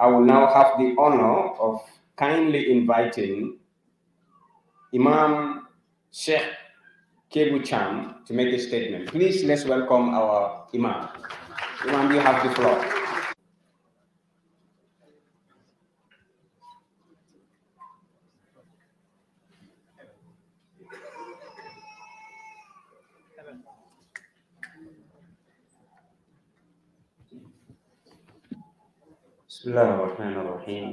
I will now have the honor of kindly inviting Imam Sheikh Kebu Cham to make a statement. Please let's welcome our Imam. Imam, you have the floor. بسم الله الرحمن الرحيم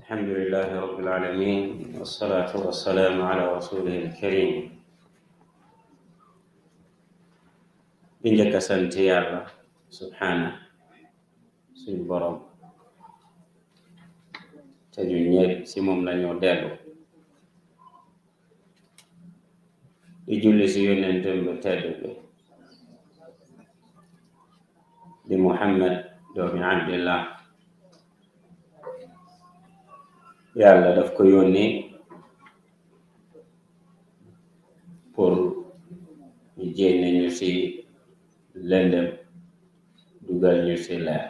الحمد لله رب العالمين والصلاة والسلام على رسوله الكريم إنك سنتي الله سبحانه سن برم تجنيب سمم لن يودالو يجلس يونين تنبتادو di Muhammad doomi Abdillah yàlla daf ko yónni pour ñu génne ñu ci lëndëm dugal ñu ci leer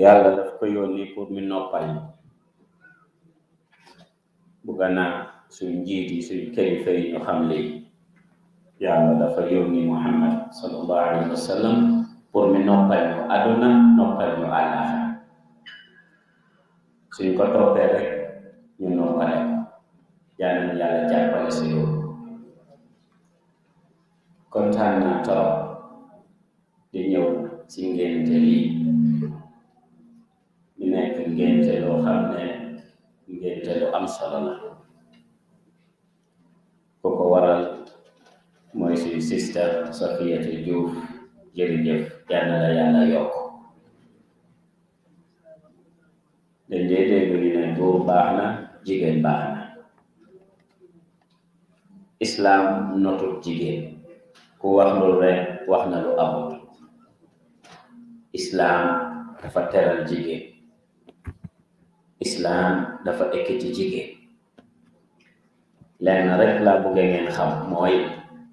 yàlla daf ko yónni pour mi noppal ñu bu gannaaw su njiit yi suñ kilifa yi ñu xam léegi yàlla dafa yónni Muhammad sallallahu alayhi wa pour mi noppal ñu àdduna noppal ñu àllaaxira suñ ko toppee rek ñu noppale yàlla na yàlla jàppale si loolu kontaan naa torop di ñëw ci ngénte lii ñu xam ne ngénte am solo la waral mooy suñu sister Safiyatu Diouf jërëjëf yal na la yàlla yokk dañ dee dégg ñu ne baax na jigéen baax na islaam notul jigéen ku wax loolu rek wax na lu amut islaam dafa teral jigéen islaam dafa ekkiti jigéen lenn rek laa bëgg ngeen xam mooy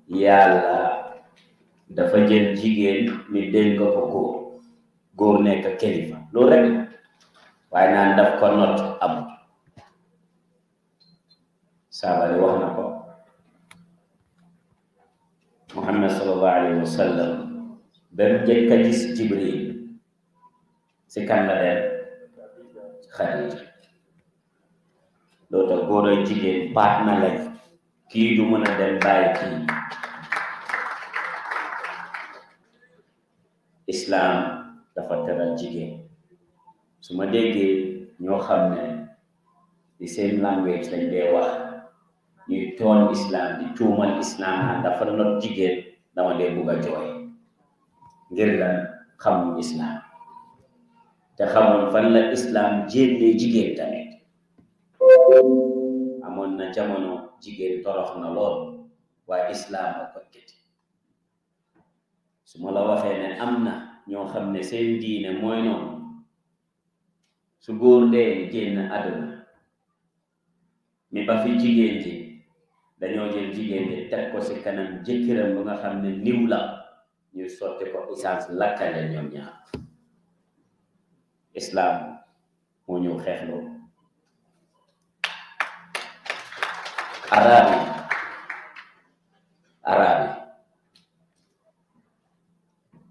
yàlla dafa jël jigéen ni dénk ko góor góor nekk kilifa loolu rek waaye naan daf ko not am saabale wax na ko Muhammad sallallahu alayhi wa sallam ba mu jëkk a gis si kan la dem Xadija loolu tax góor jigéen paat na lañ kii du mën a dem bàyyi kii islaam dafa teral jigéen su ma déggee ñoo xam ne di seen language lañ dee wax ñuy toon islaam di tuumal islaam naan dafa not jigéen dama dee bugg a jooy ngir lan xamul islaam te xamoon fan la islaam jénnee jigéen tamit amoon na jamono jigéen torox na lool waaye islaam a ko su ma la waxee ne am na ñoo xam ne seen diine mooy noonu su góor dee génn àdduna mi ba fi jigéen ji dañoo jël jigéen ji teg ko si kanam jëkkëram ba nga xam ne niw la ñuy sotti ko essence lakkale ñoom ñaar islam moo ñëw xeex loolu arabi arabi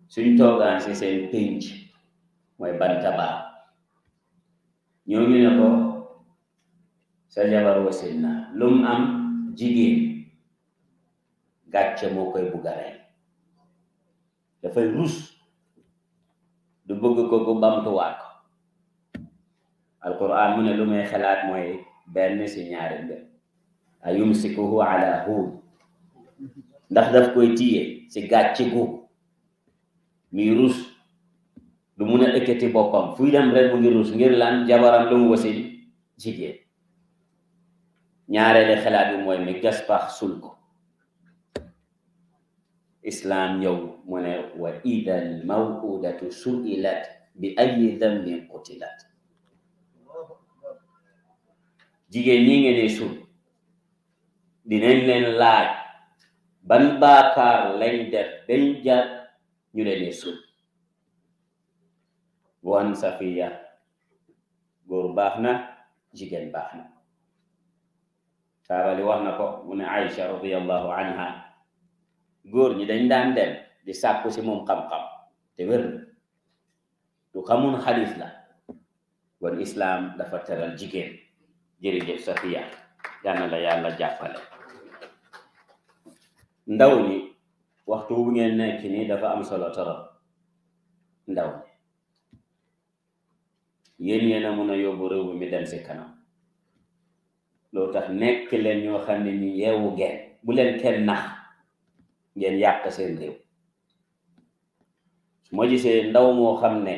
suñu toogaan si seen pénc mooy bantaba ñooñu ne ko sa jabar wasin na lum am jigéen gàcce moo koy bugg a rey dafay rus du bëgg ko ku bamtuwaat ko alquran mu ne lu may xalaat mooy benn si ñaari mbir ayumsikuhu ala huun ndax daf koy tiye si gàcce googu muy ruus du mun a boppam fuy dem rek mu ngi ruus ngir lan jabaram lu mu wasin jigéen ñaareele xalaat bi mooy mi gaspax sul ko islam yow mu ne wa idal mawudatu suilat bi ayi dambin qutilat jigéen ñi ngeen di sul dinañ laaj ban baakaar lañ def bañ ñu leen di suub wan safiya góor baax na jigéen baax na saabali wax na ko mu ne Aïcha radiyallahu anha góor ñi dañ daan dem di sàkku si moom xam-xam te wér du xamun xadis la kon islaam dafa teral jigéen jërëjëf safiya yal na la yàlla jàppale ndaw ñi waxtu bu ngeen nekk nii dafa am solo torop ndaw yéen yéen a mun a yóbbu réew mi dem si kanam loolu tax nekk leen ñoo xam ne ni yeewu ngeen bu leen kenn nax ngeen yàq seen réew su ma gisee ndaw moo xam ne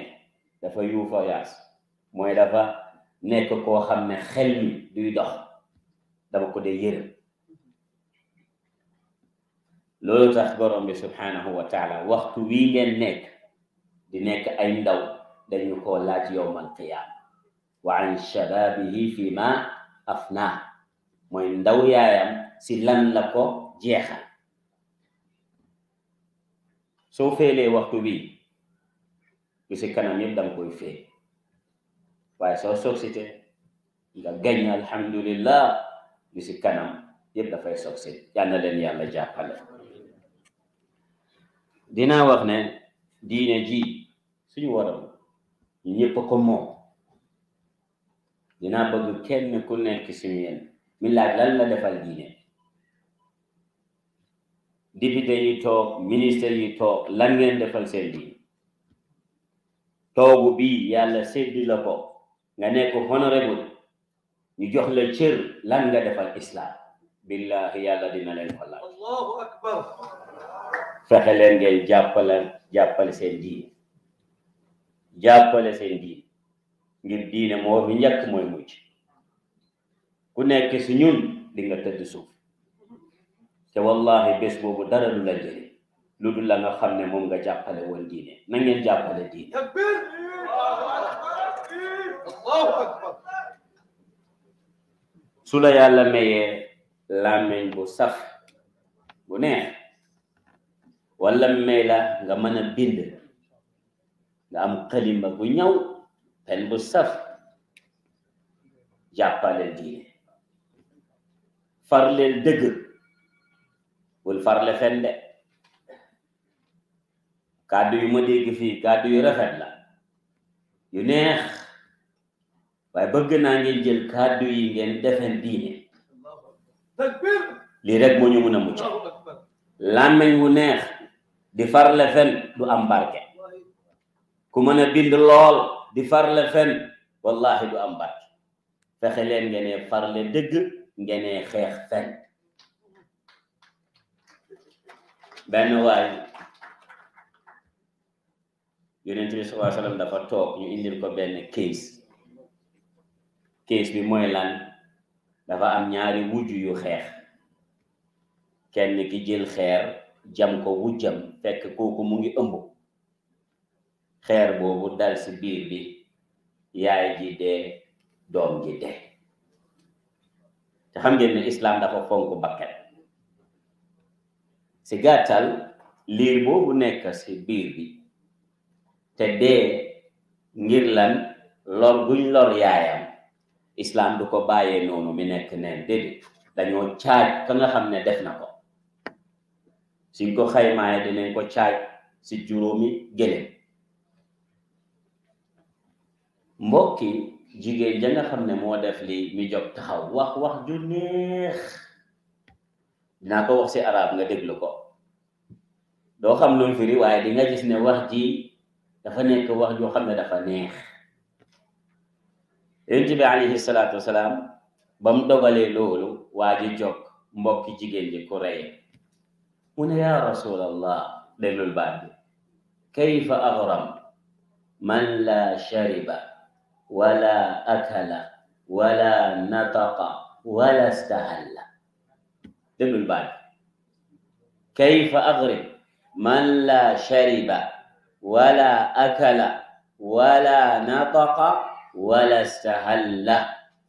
dafa yuufa yaas mooy dafa nekk koo xam ne xel mi duy dox dama ko dee yërëm loolu tax borom bi subhanahu wa taala waxtu wii ngeen nekk di nekk ay ndaw dañu koo laaj yowmal qiyaama wa an shababihi fi ma afna mooy ndaw yaayam si lan la ko jeexal soo féelee waxtu bii lu si kanam yëpp danga koy fee waaye soo sogsite nga gañ alhamdulillah lu si kanam yëpp dafay sogsi yàlla na leen yàlla jàppale dina wax ne diine ji suñu waral ñëpp ko mo dina bëgg kenn ku nekk suñu yéen mi laaj lan la defal diine député yi toog ministère yi toog lan ngeen defal seen diine toogu bi yàlla seddi la ko nga nekk honorable ñu jox la cër lan nga defal islam billahi yàlla dina leen ko laaj allahu akbar fexe leen ngeen jàppale jàppale seen diine jàppale seen diine ngir diine moo fi njëkk mooy mujj ku nekk si ñun di tëdd suuf te wallahi bés boobu dara du la jëriñ lu dul la nga xam ne moom nga jàppale woon diine na ngeen jàppale diine su la yàlla mayee làmmiñ bu saf bu neex wala may la nga mën a bind nga am xalima bu ñëw pen bu saf jàppaleel diine farleel dëgg bul farle fen de kàddu yu ma dégg fii kàddu yu rafet la yu neex waaye bëgg naa ngeen jël kàddu yi ngeen defen diine lii rek moo ñu mun a mucc làmmeñ wu neex di farle fen du am barke ku mën bind lool di farle fen wallahi du am barke fexe leen ngeen farle dëgg ngeen xeex fen benn waay yonent bi sallallahu alayhi dafa toog ñu indil ko benn case case bi mooy lan dafa am ñaari wujju yu xeex kenn ki jël xeer jam ko wujjam fekk kooku mu ngi ëmb xeer boobu dal ci biir bi yaay ji dee doom ji dee te xam ngeen ne islam dafa fonk bakkan ci gàttal liir boobu nekk ci biir bi te dee ngir lan lor guñ lor yaayam islam du ko bàyyee noonu mi nekk neen déedéet dañoo caaj ka nga xam ne def na ko suñ ko xaymaay dinañ ko caaj si juróomi gëléem mbokki jigéen ja nga xam ne moo def li mi jóg taxaw wax wax ju neex dinaa ko wax si arab nga déglu ko doo xam lu mu waaye di gis ne wax ji dafa nekk wax joo xam ne dafa neex yonent bi alayhi salaatu wasalaam ba mu dogalee loolu waa ji jóg mbokki jigéen ji ku rey قلنا يا رسول الله دلوا البعد كيف أغرم من لا شرب ولا أكل ولا نطق ولا استهل دلوا البعد كيف أغرم من لا شرب ولا أكل ولا نطق ولا استهل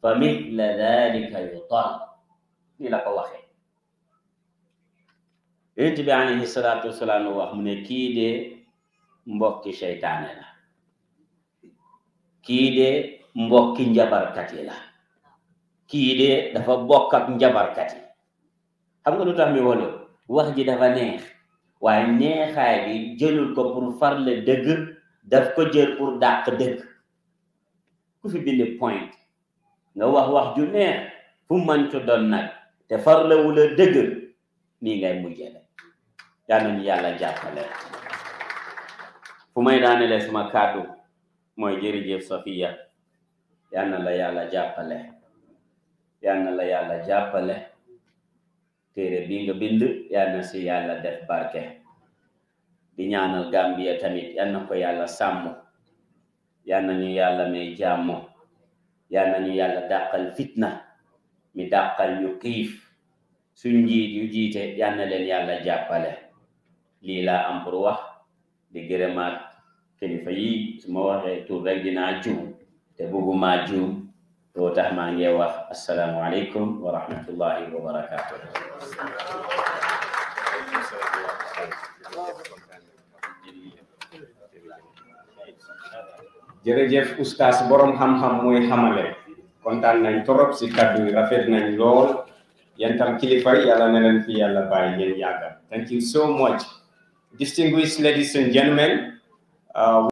فمثل ذلك يطال إلى الله خير yonent bi alayhi salaatu wasalaam wax mu ne kii de mbokki seytaane la kii de mbokki njabarkat yi la kii de dafa bokk ak yi xam nga lu tax mi wolu wax ji dafa neex waaye neexaay bi jëlul ko pour farle dëgg daf ko jël pour dàq dëgg ku fi bind point nga wax wax ju neex fu mantu doon nag te farlewula dëgg nii ngay mujjee yal nañu yàlla jàppale fu may daanele suma kàddu mooy jërëjëf Safiya yal na la yàlla jàppale yal na la yàlla jàppale téere bi nga bind yal na si yàlla def barke di ñaanal Gambia tamit yal na ko yàlla sàmm yal na ñu yàlla may jàmm yal na ñu yàlla dàqal fitna mi dàqal ñu xiif suñ njiit yu jiite yal na leen yàlla jàppale lila amprowa di gremat kene fayi suma waxe tur rek dina ju te ma ju to tax ma nge wax assalamu alaikum wa rahmatullahi wa barakatuh jërëjëf oustaz borom xam-xam moy xamale kontaan nañ torop ci kaddu rafet nañ lool yentam kilifa yàlla na leen fi yalla baye ñen yàggal thank you so much distinguished ladies and gentlemen, uh,